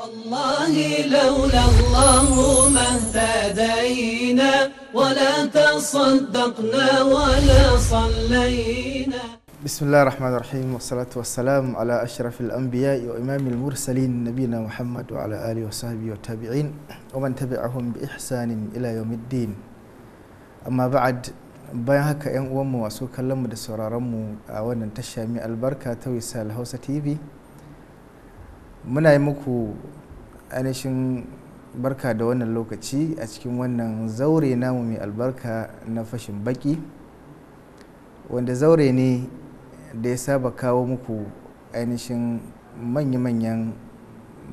والله لولا الله ما اهتدينا ولا تصدقنا ولا صلينا بسم الله الرحمن الرحيم والصلاة والسلام على أشرف الأنبياء وإمام المرسلين نبينا محمد وعلى آله وصحبه والتابعين ومن تبعهم بإحسان إلى يوم الدين أما بعد bayan haka 'yan uwanmu masu kallonmu da sauraronmu a wannan tasha mai albarka ta tv muna yi muku ainihin barka da wannan lokaci a cikin wannan zaure namu mai albarka na fashin baki wanda zaure ne da ya saba kawo muku ainihin manya-manyan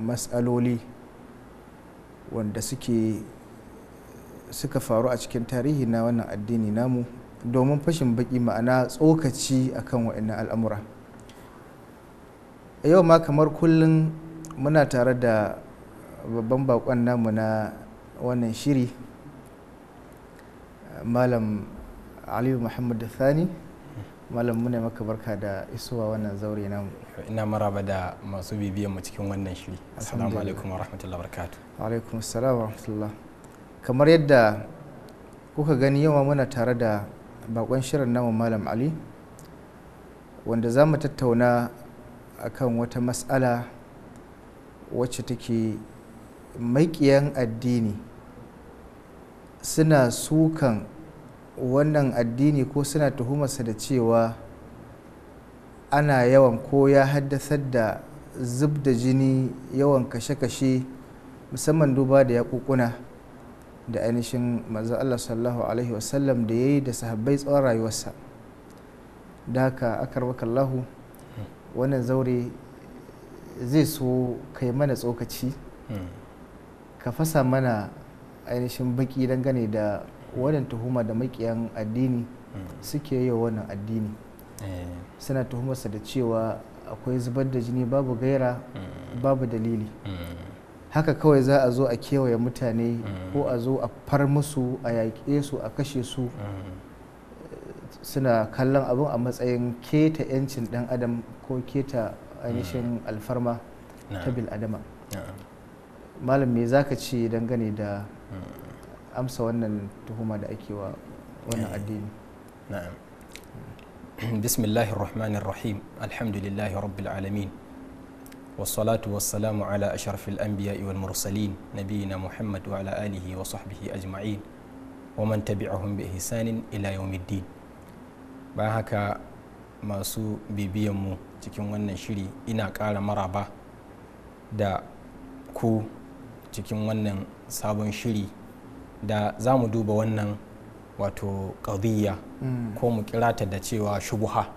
matsaloli wanda suke suka faru a cikin tarihi na wannan addini namu domin fashin baki ma'ana tsokaci akan waɗannan al'amura. yau ma kamar kullum muna tare da babban bakon namu na wannan shiri malam aliyu muhammad thani malam muna maka barka da isuwa wannan zaure namu ina maraba da masu bibiyan mu cikin wannan shiri assalamu alaikum wa rahmatullahi barakatu alaikum assalamu wa rahmatullah kamar yadda kuka gani yau muna tare da bakon shirin namu malam ali wanda za mu tattauna akan wata matsala wacce take maƙiyan addini suna sukan wannan addini ko suna tuhumarsa da cewa ana yawan ko ya haddasar da zub da jini yawan kashe-kashe musamman duba da yakukuna da ainihin manzo Allah sallallahu alaihi wasallam da ya yi da sahabbai tsawon rayuwarsa da haka akarwakallahu wannan zaure zai so ka yi mana tsokaci hmm. ka fasa mana ainihin baki dangane da wannan tuhuma da makiyan addini hmm. suke yi wannan addini eh. suna tuhumarsa da cewa akwai zubar da jini babu gaira hmm. babu dalili haka kawai za a zo a kewaye mutane ko a zo a far musu a yaƙe su a kashe su suna kallon abin a matsayin keta yancin dan adam ko keta a yashin mm. alfarma ta bil adama malam mai za ci don da mm. amsa wannan tuhuma da ake wa wannan mm. addini bismillah ar-rahman ar-rahim ala a sharfil an biya iwal mursalin na biyu na ala alihi wasu habihi ajma'in wa man tabi a hun bai hisanin ila yau middini bayan haka masu bibiyanmu cikin wannan shiri ina ƙara maraba da ku cikin wannan sabon shiri da za mu duba wannan wato ƙadiyya mm. ko mu kirata da cewa shubuha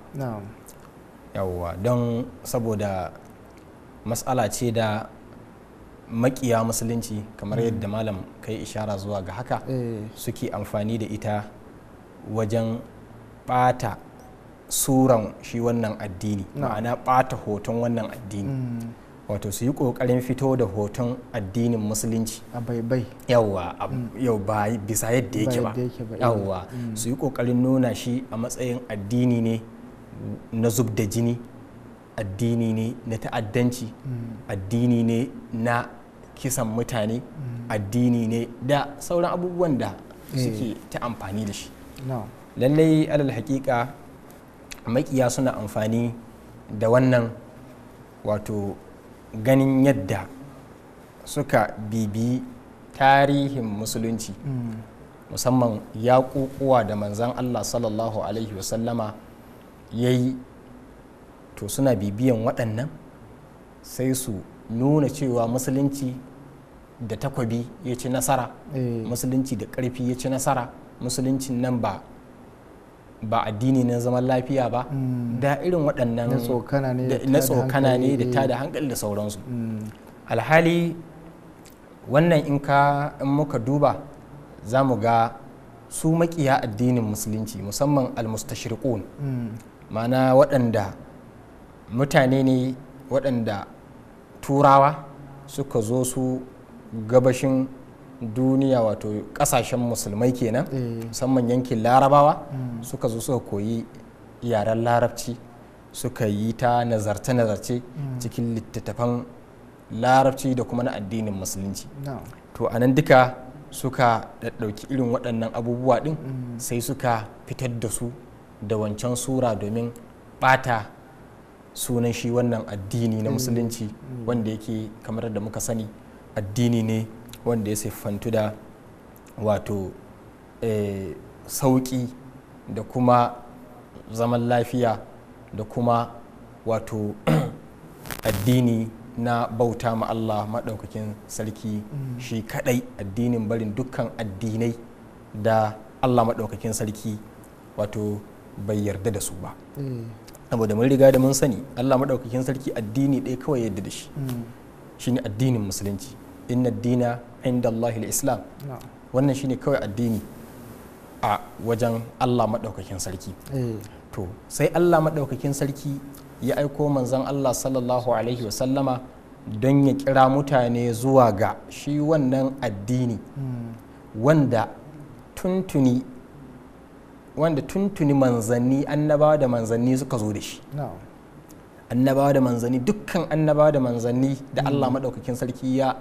yawwa don saboda matsala ce da makiya musulunci kamar mm. yadda malam kai ishara zuwa ga haka eh. suke amfani da ita wajen ɓata suran shi wannan addini ma'ana ɓata hoton wannan addini mm. wato su yi ƙoƙarin fito da hoton addinin musulunci a baibai yawa mm. yau ba bisa yadda yake ba yawa eh. mm. su yi ƙoƙarin nuna shi a matsayin addini ne na zub da jini addini ne na ta'addanci addini ne na kisan mutane addini ne da sauran abubuwan da eh. suke ta amfani da shi lallai alal hakika makiya suna amfani da wannan wato ganin yadda suka bibi tarihin musulunci musamman ya kukuwa da manzan allah sallallahu alaihi wasallama ya yi to suna bibiyan waɗannan sai su nuna cewa musulunci da takwabi ya ci nasara eh. musulunci da ƙarfi ya ci nasara musulunci nan ba ba addini na zaman lafiya ba mm. da irin waɗannan na tsokana ne da ta da eh. hankali da sauransu mm. alhali wannan in ka in muka duba za mu ga su makiya addinin musulunci musamman almustashriqun mana mm. waɗanda mutane ne waɗanda turawa suka zo su gabashin duniya wato kasashen musulmai kenan eh. musamman yankin larabawa mm. suka zo suka koyi yaren larabci suka yi ta nazarce-nazarce mm. cikin littattafan larabci da kuma na addinin musulunci to a nan duka suka ɗauki irin waɗannan abubuwa ɗin mm. sai suka fitar da su da wancan sura domin ɓata sunan shi wannan addini na eh. musulunci wanda yake kamar da muka sani addini ne wanda ya siffantu da wato eh, sauƙi da kuma zaman lafiya da kuma wato addini na bauta ma Allah maɗaukakin sarki mm. shi kaɗai addinin barin dukkan addinai da Allah maɗaukakin sarki wato bai yarda da su ba mm. saboda mun riga da mun sani Allah maɗaukakin sarki addini ɗaya kawai yadda da shi mm. shine addinin musulunci inna dina inda Allah islam wannan shine kawai addini a wajen Allah maɗaukakin sarki eh. to sai Allah maɗaukakin sarki ya aiko manzan Allah sallallahu alaihi wasallama don ya kira mutane zuwa ga shi wannan addini hmm. wanda tuntuni wanda tuntuni manzanni annabawa da manzanni suka zo da shi annabawa da manzanni dukkan annabawa da manzanni da hmm. Allah maɗaukakin sarki ya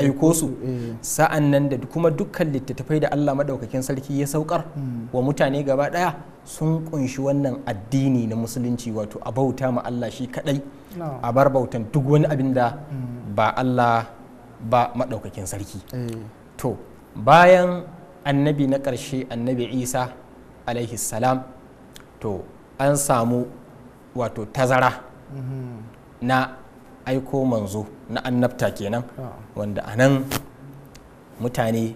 aiko su eh. sa'an nan da kuma dukkan littattafai da Allah maɗaukakin sarki ya saukar hmm. wa mutane gaba ɗaya sun kunshi wannan addini na musulunci wato a bauta ma Allah shi kaɗai a bar bautan duk wani abin da hmm. ba Allah ba maɗaukakin sarki eh. to bayan annabi na ƙarshe annabi isa alaihi salam to an samu wato tazara mm-hmm. na aiko manzo na annabta kenan ah. wanda a nan mutane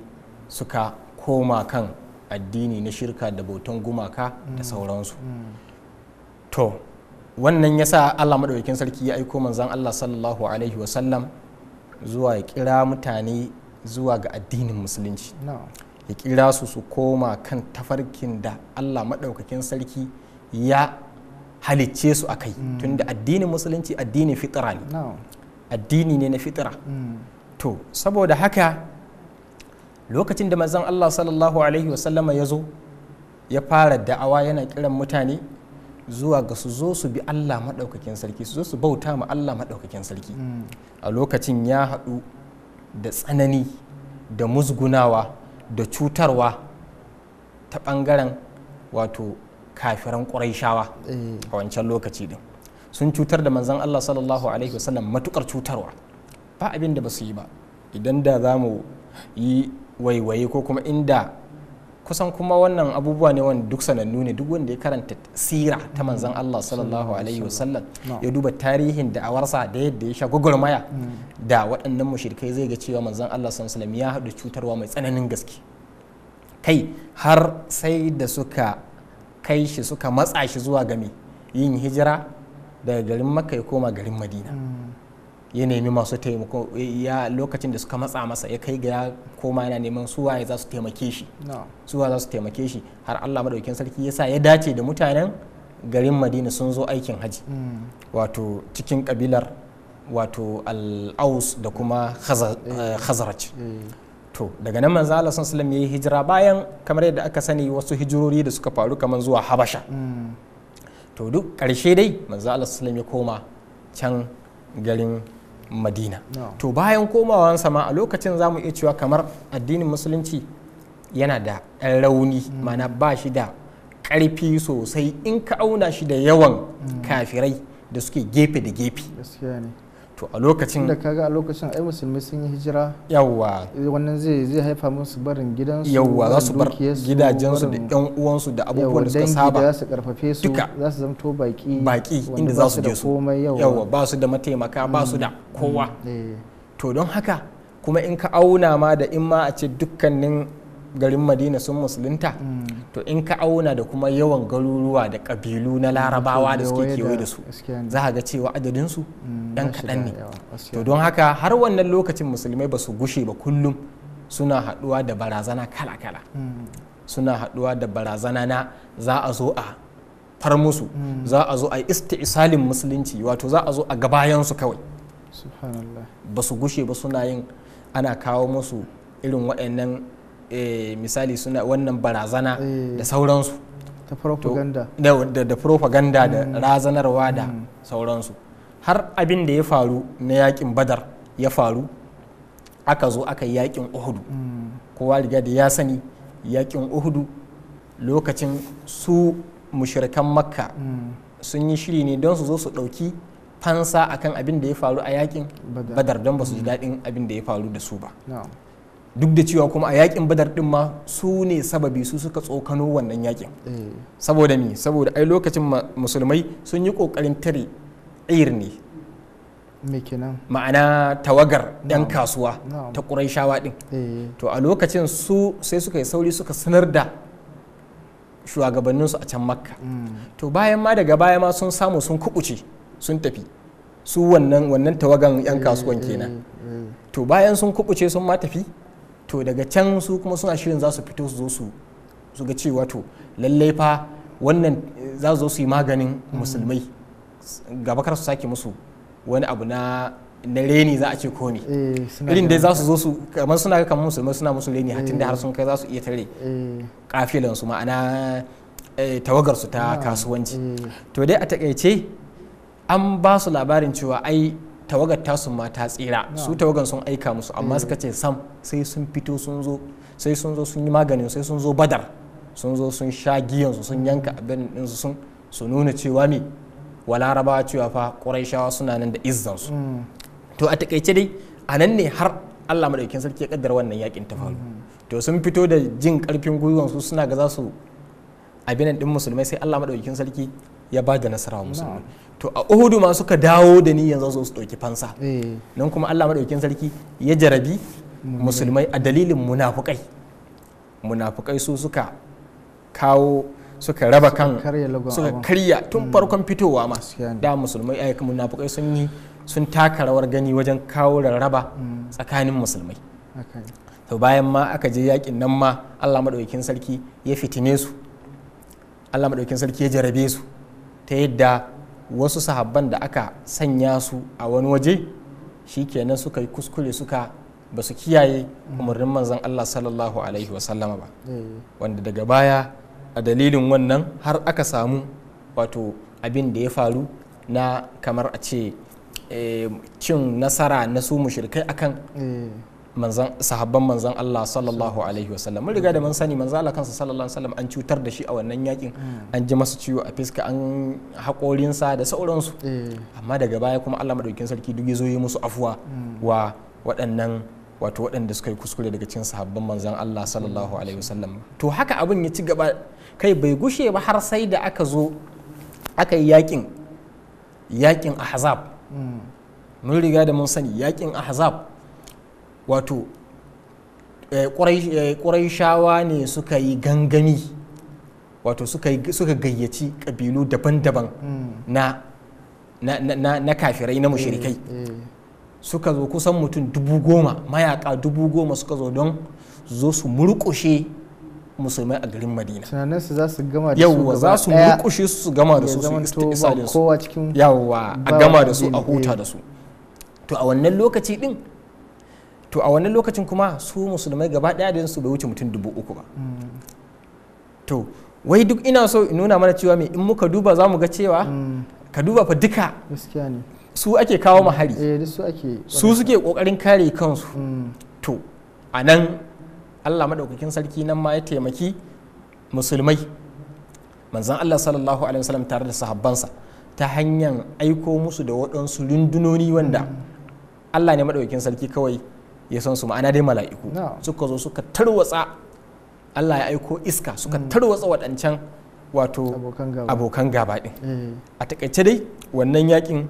suka koma kan addini na shirka da bautan gumaka da mm. sauransu mm. to wannan ya sa allah maɗaukakin sarki ya aiko manzan allah sallallahu alaihi wasallam zuwa ya kira mutane zuwa ga addinin musulunci ya kira su su koma kan tafarkin da allah maɗaukakin sarki ya halicce su akai mm. tunda addinin musulunci addinin fitira ne addini ne na fitira mm. to saboda haka lokacin da manzon Allah sallallahu alaihi wasallama ya zo ya fara da'awa yana kiran mutane zuwa ga su zo su bi Allah maɗaukakin sarki su zo su bauta ma Allah maɗaukakin sarki mm. a lokacin ya haɗu da tsanani da muzgunawa da cutarwa ta ɓangaren wato kafiran ƙuraishawa a wancan lokaci din sun cutar da manzan Allah sallallahu alaihi wasallam matukar cutarwa ba abin da ba su yi ba idan da za mu yi waiwaye ko kuma inda kusan kuma wannan abubuwa ne wanda duk sanannu ne duk wanda ya karanta sira ta manzan Allah sallallahu alaihi wasallam ya duba tarihin da awarsa da yadda ya sha gwagwarmaya mm. da waɗannan mushrikai zai ga cewa manzan Allah sallallahu alaihi wasallam ya haɗu cutarwa mai tsananin gaske kai har sai da suka kai shi suka matsa shi zuwa game yin hijira daga garin makka ya koma garin madina ya nemi masu taimako ya lokacin da suka matsa masa ya kai ga ya koma yana neman suwaye za su taimake shi suwa za su taimake shi har allah madaukin sarki ya sa ya dace da mutanen garin madina sun zo aikin haji mm. wato cikin kabilar wato al'aus da kuma khazaraj eh. eh, to daga nan manzo Allah sallallahu alaihi wasallam yayi hijira bayan kamar yadda aka sani wasu hijirori da suka faru kamar zuwa Habasha to duk karshe dai manzo Allah sallallahu ya koma can garin Madina to bayan sa ma a lokacin zamu iya cewa kamar addinin musulunci yana da ɗan rauni mana mm. ba shi da ƙarfi sosai in ka auna shi da yawan mm. kafirai da suke gefe da gefe to a lokacin da kaga a lokacin ai musulmi sun yi hijira yawwa eh, wannan zai zai haifa musu barin gidansu yawwa za su bar gidajensu da yan uwansu da abubuwan da suka saba za su karfafe su za su zamto baki baki inda za su je su yawwa ba su da mataimaka ba su mm, da kowa mm, eh. to don haka kuma in ka auna ma da in ma a ce dukkanin garin madina sun musulunta mm. to in ka auna da kuma yawan garuruwa da kabilu na larabawa da suke kewaye da su za a ga cewa adadinsu mm, ɗan kaɗan ne to don haka har wannan lokacin musulmai ba su gushe ba kullum suna haɗuwa da barazana kala-kala mm. suna haɗuwa da barazana na za a zo a far musu za a zo a isti'salin musulunci wato za a zo a ga su kawai ba su gushe ba suna yin ana kawo musu irin waɗannan Eh, misali suna wannan barazana eh. da sauransu da propaganda da propaganda mm. da razanarwa da mm. sauransu har abin da ya faru na yakin badar ya faru aka zo aka yi yakin uhudu mm. kowa riga da ya sani yakin uhudu lokacin su mushirikan makka sun yi shiri ne don su zo su ɗauki fansa akan abin da ya faru a yakin badar don ba su ji daɗin abin da ya faru da su ba duk da cewa kuma a yakin badar din ma su ne sababi su suka tsokano wannan yakin mm. saboda mi saboda ai lokacin musulmai sun yi kokarin tare ir ne ma'ana tawagar yan kasuwa ta ƙuraishawa din eh. to a lokacin su sai suka yi sauri suka sanar da shugabanninsu a can makka mm. to bayan ma daga baya ma sun samu sun kuɓuce sun tafi su wannan tawagan yan eh, kasuwan kenan eh, to bayan sun kubuce sun ma tafi to daga can su kuma suna shirin za su fito su zo su su ga cewa to lallai fa wannan za su zo su yi maganin musulmai gaba kar su sake musu wani abu na na reni za a ce ko ne eh, irin dai za su zo su kamar suna kamar musulmai suna musu reni hatin da har eh. sun kai za su iya tare eh. kafilan su ma'ana tawagar su ta ah, kasuwanci to dai a takaice an ba su labarin cewa ai tawagar tasu ma ta tsira su tawagan sun aika musu amma mm. suka ce sam sai sun fito sun zo sai sun zo sun yi maganin sai sun zo badar sun zo sun sha giyansu sun yanka abin ɗinsu sun su nuna cewa me wa larabawa cewa fa ƙuraishawa suna nan da izzansu mm. to a takaice dai a nan ne har allah maɗaukin sarki ya kaddara wannan yakin ta faru mm-hmm. to sun fito da jin ƙarfin gwiwansu suna ga za su abinan ɗin musulmai sai allah maɗaukin sarki ya ba da nasara musulmai to a uhudu ma suka dawo da ni yanzu su ɗauki fansa eh. nan kuma allah maɗaukin sarki ya jarabi musulmai a dalilin munafukai munafukai su suka kawo suka raba kan suka karya tun hmm. farkon fitowa ma da musulmai ayyukan munafukai sun yi sun taka rawar gani wajen kawo raba hmm. tsakanin musulmai to bayan ma aka je yakin nan ma Allah maɗaukin sarki ya fitine su Allah maɗaukin sarki ya jarabe su ta yadda wasu sahabban da aka sanya su a wani waje shi shikenan suka yi kuskure suka ba su kiyaye umarnin manzan Allah sallallahu alaihi wasallama ba eh. wanda daga baya a dalilin wannan har aka samu wato abin da ya faru na kamar a ce eh, cin nasara na su mushrikai akan eh. manzan sahabban manzan Allah sallallahu alaihi wasallam mun riga da mun sani manzan Allah kansa sallallahu alaihi wasallam an cutar da shi a wannan yakin hmm. an ji masa ciwo a fiska an haƙorinsa da sauransu eh. amma daga baya kuma Allah madaukakin sarki duk ya zo yi musu afuwa hmm. wa waɗannan wato waɗanda suka yi kuskure daga cikin sahabban manzan Allah sallallahu hmm. alaihi wasallam to haka abin ya ci gaba kai bai gushe ba har sai da aka zo aka yi yakin yakin ahzab mun riga da mun sani yakin ahzab wato ƙwarai eh, eh, shawa ne suka yi gangami wato suka gayyaci ƙabilu daban-daban hmm. na na kafirai na mushirikai eh, suka zo kusan mutum dubu goma mayaka dubu goma suka zo don zo su murƙushe musulmai a garin madina su za su gama da su yawwa za su murƙushe su su gama da su su isa da su yawwa a gama da su a huta da su to a wannan lokaci din to a wannan lokacin kuma su musulmai gaba ɗaya da su bai wuce mutum dubu uku ba hmm. to wai duk ina so in nuna mana cewa me in muka duba za mu ga cewa hmm. ka duba fa duka su ake kawo ma hari eh, su suke kokarin kare kansu hmm. to a nan allah maɗaukakin sarki nan ma ya taimaki musulmai manzan allah sallallahu alaihi wasallam tare da sahabbansa ta hanyar aiko musu da waɗansu rundunoni wanda allah ne maɗaukakin sarki kawai ya san su ma'ana dai mala'iku suka zo suka tarwatsa Allah ya aiko iska suka mm. tarwatsa waɗancan wato abokan gaba ɗin eh. a takaice dai wannan yakin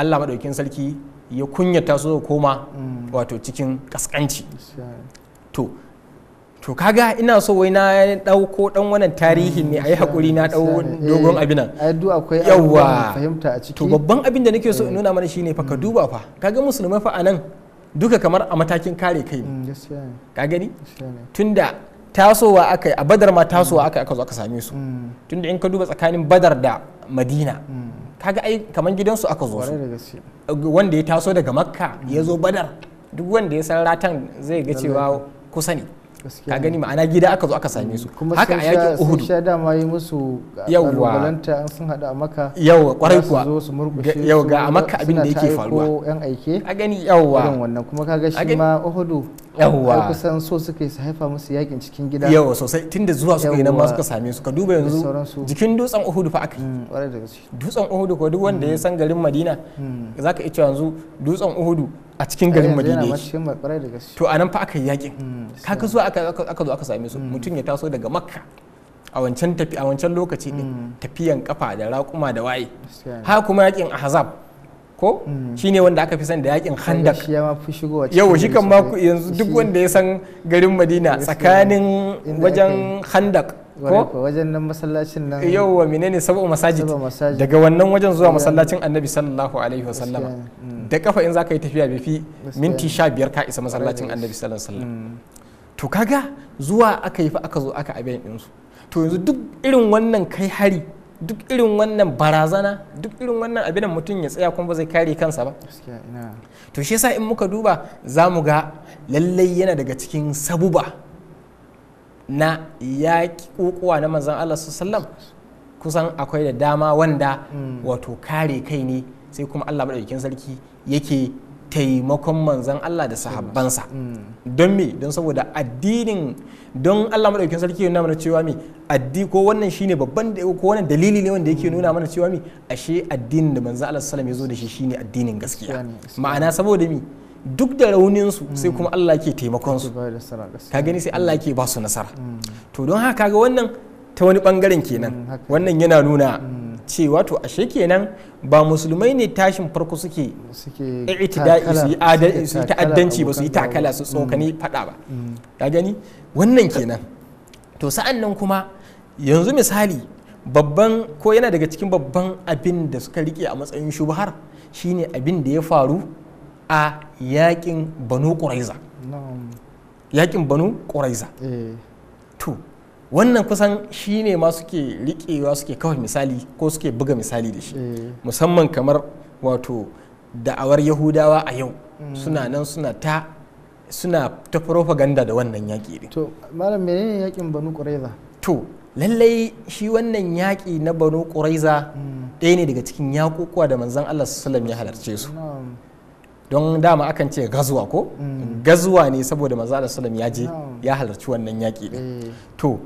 Allah maɗaukin sarki ya kunyata su koma mm. wato cikin ƙasƙanci to to kaga ina so wai na dauko dan wannan tarihi ne ayi mm, hakuri na dau dogon eh, abin nan akwai yawa fahimta a ciki to babban abin da nake so in eh. nuna mana shine fa ka duba fa kaga musulmai fa anan duka kamar a matakin kare kai ne mm, ka gani tunda tasowa aka yi a badar ma tasowa aka aka zo aka same su mm. tunda in ka duba tsakanin badar da madina mm. kaga ai kamar gidansu aka zo su wanda ya taso daga makka ya zo badar duk wanda ya san ratan zai ga cewa kusa ne ka gani ma'ana gida aka zo aka same su haka a yakin uhudu kuma sun dama yi musu kalubalanta an sun hada a maka yawa kwarai kuwa zo su murkushe yawa ga a maka abin da yake faruwa ko yan aike a gani yawa irin wannan kuma kaga shi ma uhudu yawa kusan so suka su haifa musu yakin cikin gida yawa sosai tunda zuwa suka yi nan ma suka same su ka duba yanzu jikin dutsen uhudu fa aka yi mm, dutsen uhudu ko duk wanda ya mm. san garin madina mm. zaka iya yanzu dutsen uhudu a cikin garin madina to to anan fa aka yi yakin hmm, kaka zuwa aka zo aka same su hmm. mutum ya taso daga makka a wancan tafi a wancan lokaci din hmm. tafiyan kafa da raƙuma da waye ha kuma yakin ahzab ko shine wanda aka fi san da yakin handak yau shi kan ma yanzu duk wanda ya san garin madina tsakanin wajen handak wajen nan masallacin nan mine menene sab'u masajid daga wannan wajen zuwa masallacin annabi sallallahu alaihi wasallama mm. da kafa in zaka yi tafiya bai fi minti 15 ka isa masallacin annabi sallallahu alaihi wasallam mm. to kaga zuwa aka yi fa aka zo aka abin din su to yanzu duk irin wannan kai hari duk irin wannan barazana duk irin wannan abin mutum ya tsaya kuma ba zai kare kansa ba to shi yasa in muka duba za mu ga lallai yana daga cikin sabuba na yaƙi kokowa na manzan Allah sallam kusan akwai da dama wanda mm. wato kare kai ne sai kuma Allah madaukakin sarki yake taimakon manzan Allah da sahabbansa mm. don me don saboda addinin don Allah madaukakin sarki yana mana cewa mi addi ko wannan shine babban ko wannan dalili ne wanda yake nuna mana cewa mi ashe addinin da manzan Allah sallam ya zo da shi shine addinin gaskiya ma'ana saboda mi duk da rauninsu sai mm. kuma Allah ke taimakon su. ka gani sai Allah ke ba su nasara mm. to don haka ga wannan ta wani bangaren kenan mm, wannan yana nuna cewa to ashe kenan ba musulmai ne tashin farko suke i'tida'i su yi ta'addanci ba su yi takala su tsokani fada ba ka gani wannan kenan to sa'an nan kuma yanzu misali babban ko yana daga cikin babban abin da suka rike a matsayin shubhar shine abin da ya faru a yakin banu ƙuraiza yakin banu ƙuraiza eh. to wannan kusan shi ne ma suke riƙewa suke kawai misali ko suke buga misali da shi eh. musamman kamar wato da'awar yahudawa a yau mm. suna nan suna ta suna ta propaganda da wannan yaƙi ne. to malam menene yaƙin banu ƙuraiza to lallai shi wannan yaƙi na banu ƙuraiza mm. ɗaya ne daga cikin yaƙuƙuwa da manzan Allah sallam ya halarce su don dama akan ce gazuwa ko mm. gazuwa ne saboda maza da ya je ya halarci wannan yaƙi ɗin eh. to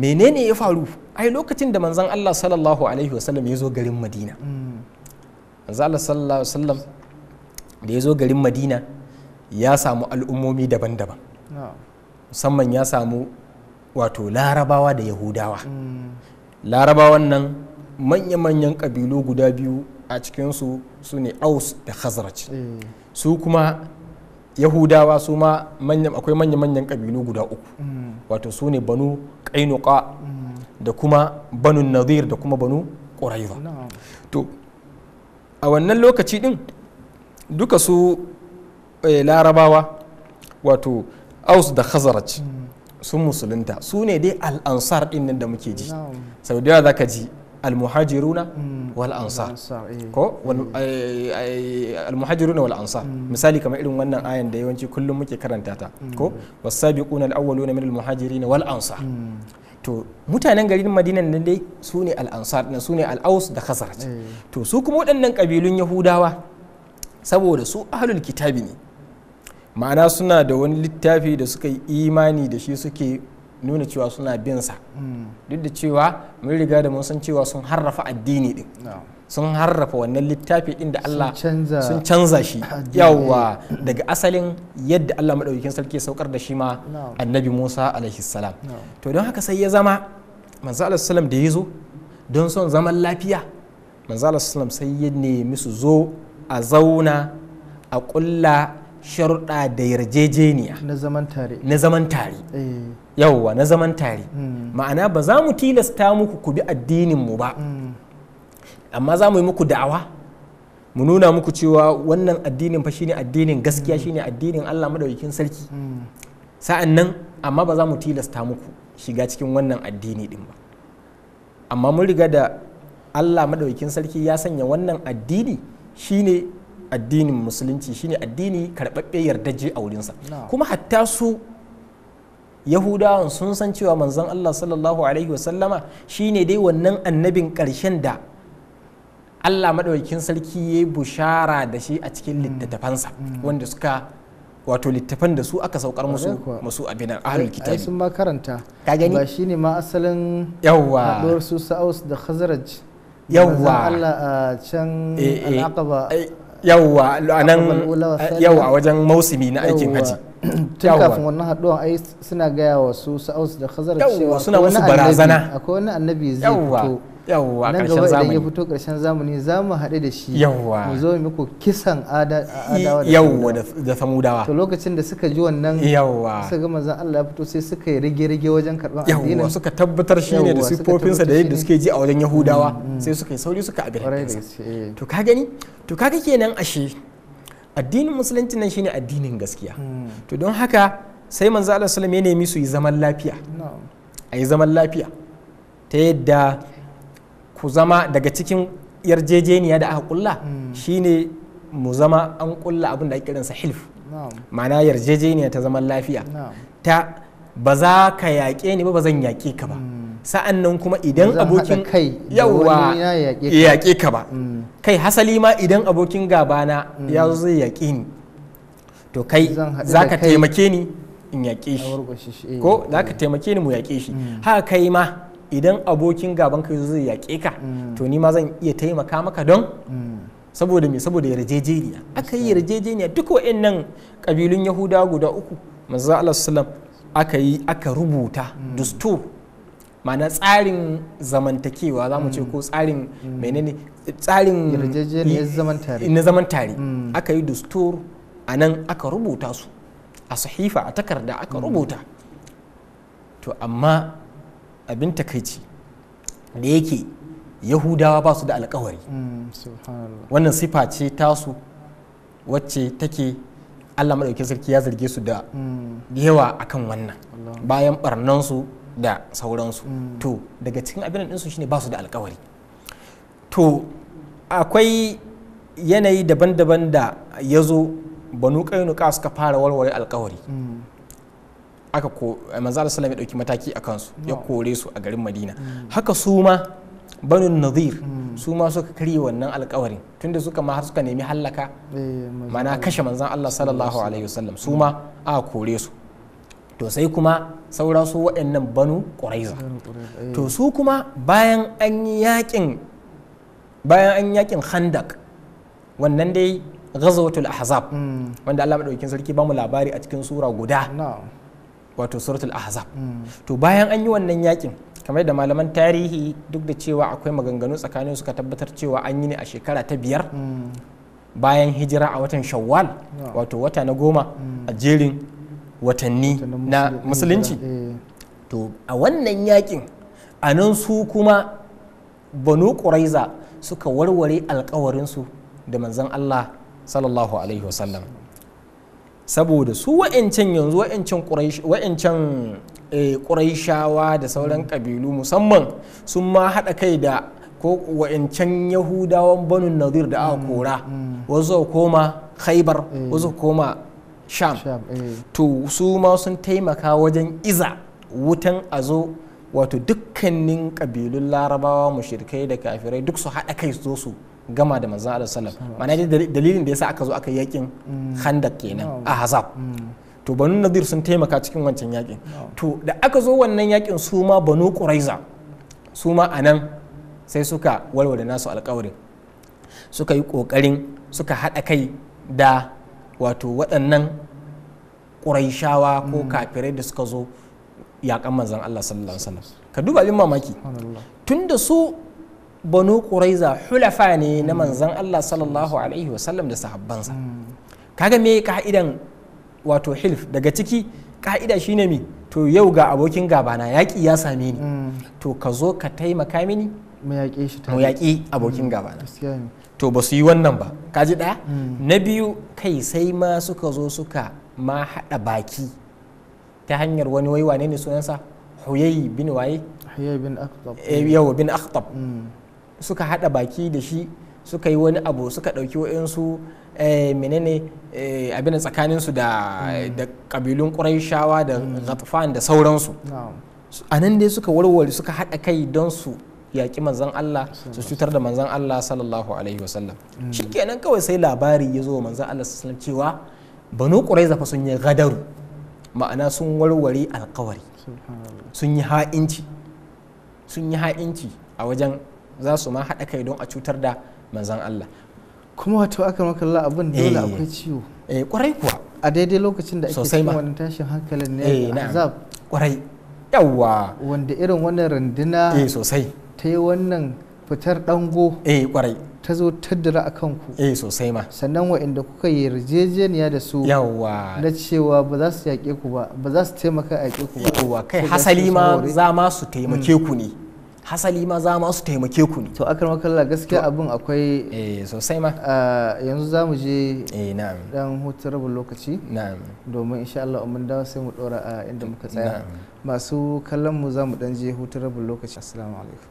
menene ya faru ai lokacin da manzan. Allah sallallahu alaihi wasallam ya zo garin Madina mm. manzan Allah sallallahu wasallam da ya zo garin Madina ya samu al'ummomi daban-daban musamman ya samu wato larabawa da yahudawa mm. larabawan nan manya-manyan ƙabilu guda biyu a cikinsu su ne aus da khazraj eh. su kuma yahudawa su ma akwai manya-manyan ƙabilu guda uku mm. wato su ne banu ƙainuka mm. da kuma banu nadir da kuma banu ƙuraiza to a wannan lokaci din duka su eh, larabawa wato aus da khazraj mm. sun musulunta su ne dai al'ansar ɗin da muke ji sau da yawa za ka ji Hmm. Eh. Eh, eh, almuhajiruna wal ansar ko almuhajiruna wal ansar misali kamar irin wannan ayan da yawanci kullum muke karanta ta hmm. ko wasabiquna alawwaluna min almuhajirin wal ansar hmm. to mutanen garin madina nan dai su ne al'ansar na su ne al'aus da khazraj to su kuma waɗannan ƙabilun yahudawa saboda su ahlul kitabi ne ma'ana suna da wani littafi da suka yi imani da shi suke nuna cewa suna bin sa hmm. duk da cewa mun riga da mun san cewa sun harrafa addini din sun harrafa wannan littafi din da Allah sun canza shi yawa daga asalin yadda Allah madaukakin sarki saukar da shi ma annabi Musa alaihi salam to don haka sai ya zama manzo Allah sallam da yazo don son zaman lafiya manzo Allah sallam sai ya nemi su zo a zauna a kulla sharuɗa da yarjejeniya na zaman tare na zaman tare eh. yawwa na zaman tare hmm. ma'ana ba za mu tilasta muku ku bi addinin mu ba hmm. amma za mu yi muku da'awa mu nuna muku cewa wannan addinin fa shine addinin gaskiya hmm. shine addinin Allah madaukakin sarki sa'an nan amma ba za mu tilasta muku shiga cikin wannan addini din ba amma mun riga da Allah madaukakin sarki ya sanya wannan addini shine addinin musulunci shine addini karɓaɓɓe yardaje a wurinsa kuma hatta su yahudawan sun san cewa manzon Allah sallallahu alaihi wasallama shine dai wannan annabin ƙarshen da Allah maɗaukakin sarki ya yi bushara da shi a cikin mm. littattafansa mm. wanda suka wato littafan da su aka saukar musu musu abin ahlul kitabi sun ma karanta ka gani ba shine ma asalin yawa su sa'aus da khazraj yawa Allah a can eh, eh. al'aqaba yawwa anan yawwa a wajen mausimi na aikin haji tun kafin wannan haduwan ai suna gaya wa su sa'us da khazar cewa suna musu barazana akwai wani annabi zai fito yawwa nan gaba idan ya fito karshen zamani za mu haɗu da shi yawwa mu zo muku kisan adawa da yawwa da samudawa to lokacin da suka ji wannan yawwa suka ga manzon Allah ya fito sai suka yi rage rage wajen karɓar addinin yawwa suka tabbatar shi ne da sifofinsa da yadda suke ji a wajen yahudawa mm, mm. sai suka yi sauri suka abin eh. to ka gani to kaga kenan ashe addinin musulunci nan shine addinin gaskiya mm. to don haka sai manzo Allah sallallahu alaihi wasallam ya nemi su yi zaman lafiya a yi zaman lafiya ta yadda ku zama daga cikin yarjejeniya da aka kulla hmm. shine mu zama an kulla abin da ake kiransa hilf ma'ana yarjejeniya ta zaman lafiya ta ba za ka yaƙe ni ba ba zan yaƙe ka ba hmm. sa'an nan kuma idan abokin yawa ya yaƙe ka ba hmm. kai hasali ma idan abokin gabana ya zo zai yaƙe ni to kai za ka taimake ni in yaƙe shi eh. ko za ka taimake ni mu yaƙe shi haka kai ma idan abokin gaban ka zai yaƙe ka mm. to ni ma zan iya taimaka maka don mm. saboda me saboda yarjejeniya aka yi yarjejeniya duk wa'annan kabilun yahuda guda uku manzo Allah sallam aka yi aka rubuta mm. dusto ma'ana tsarin zamantakewa za mu ce ko tsarin menene tsarin na zaman tare aka yi dustur a nan aka rubuta su a sahifa a takarda aka rubuta to amma abin takaici da yake yahudawa ba su da alkawari mm, wannan sifa ce tasu wacce take allah maɗauki sarki ya zarge su da mm. yawa akan wannan bayan ɓarnansu da sauransu mm. to daga cikin abin ɗinsu shine ba su da alkawari to akwai yanayi daban-daban da ya zo banu nuka suka fara warware alkawari aka ko manzo Allah ya dauki mataki a kansu ya kore su a garin Madina hmm. haka su ma banu nadir hmm. su ma suka karye wannan alkawarin tunda suka ma har suka nemi hallaka eh, mana kashe manzan Allah sallallahu alaihi wasallam su ma a kore su to sai kuma sauran su waɗannan banu ƙuraiza eh. to su kuma bayan an yi yakin bayan an yakin wannan dai ghazwatul ahzab hmm. wanda Allah madaukin sarki ba mu labari a cikin sura guda wato suratul ahzab hmm. to bayan an yi wannan yakin kamar da malaman tarihi duk da cewa akwai maganganu tsakanin suka tabbatar cewa an yi ne a shekara ta biyar hmm. bayan hijira a watan shawwal wato wata na goma hmm. a jerin watanni na musulunci eh. to a wannan yakin a nan su kuma banu ƙuraiza suka warware alkawarinsu da manzon allah sallallahu alaihi wasallam saboda su wa'ancan yanzu wa'ancan ƙuraishawa eh, da sauran mm. ƙabilu musamman sun ma haɗa kai da ko wa'ancan yahudawan banu nadir da aka mm. kora mm. wasu koma khaibar wasu koma sham eh. to su ma sun taimaka wajen iza wutan a zo wato dukkanin ƙabilun larabawa mushirikai da kafirai duk su haɗa kai su zo su gama da manzon Allah sallam Mana wasallam dalilin da yasa aka zo aka yakin khandak kenan mm. a hazab mm. to banu nadir sun taimaka cikin wancan yakin to da aka zo wannan yakin su ma banu quraiza su ma anan sai suka walwala nasu alƙawarin suka yi ƙoƙarin suka haɗa kai da wato waɗannan ƙuraishawa ko mm. kafirai da suka zo yaƙan manzan Allah sallallahu alaihi wasallam ka duba abin mamaki tunda su banu ƙuraiza hulafa ne na manzan Allah sallallahu alaihi wasallam da sahabbansa kaga me ka'idan wato hilf daga ciki ka'ida shine mi to yau ga abokin gabana yaƙi ya same ni mm. to ka zo ka taimaka mini mu yaƙi abokin mm. gabana to ba su yi wannan ba kaji ɗaya mm. na biyu kai sai ma suka zo suka ma haɗa baki ta hanyar wani wai wane ne sunansa huyayi bin waye huyayi bin akhtab eh, yawa bin akhtab suka haɗa baki da shi suka yi wani abu suka ɗauki wa'insu eh, menene eh, abin tsakaninsu da ƙabilun ƙuraishawa da mm. ghatfan da sauransu a nan dai suka warware suka haɗa kai don su yaƙi manzan Allah su cutar da manzan Allah sallallahu alaihi wasallam mm. shi kenan kawai sai labari ya zo wa manzan Allah sallallahu cewa banu ƙuraiza fa sun yi gadaru ma'ana sun warware alkawari sun yi ha'inci sun yi ha'inci a wajen za su ma haɗa kai don a cutar da manzan Allah kuma wato aka makalla abin dole eh. akwai ciwo eh kwarai kuwa a daidai lokacin da ake cikin wani tashin hankalin ne eh, a azab kwarai yawwa wanda irin wannan runduna eh sosai ta yi wannan fitar dango eh kwarai ta zo taddara a kanku eh sosai ma sannan wa'inda kuka yi rijejeniya da su yawwa na cewa ba za su yaƙe ku ba ba za su taimaka a yaƙe ku ba yawwa kai hasali ma za ma su taimake ku ne mm. hasali ma za su taimake ku ne to akar makalla gaskiya abin akwai eh sosai ma ah, yanzu za mu je eh na'am dan hutun rabin lokaci na'am domin insha Allah mun dawo sai mu dora a inda muka tsaya masu kallon mu za mu dan je hutun rabin lokaci assalamu alaikum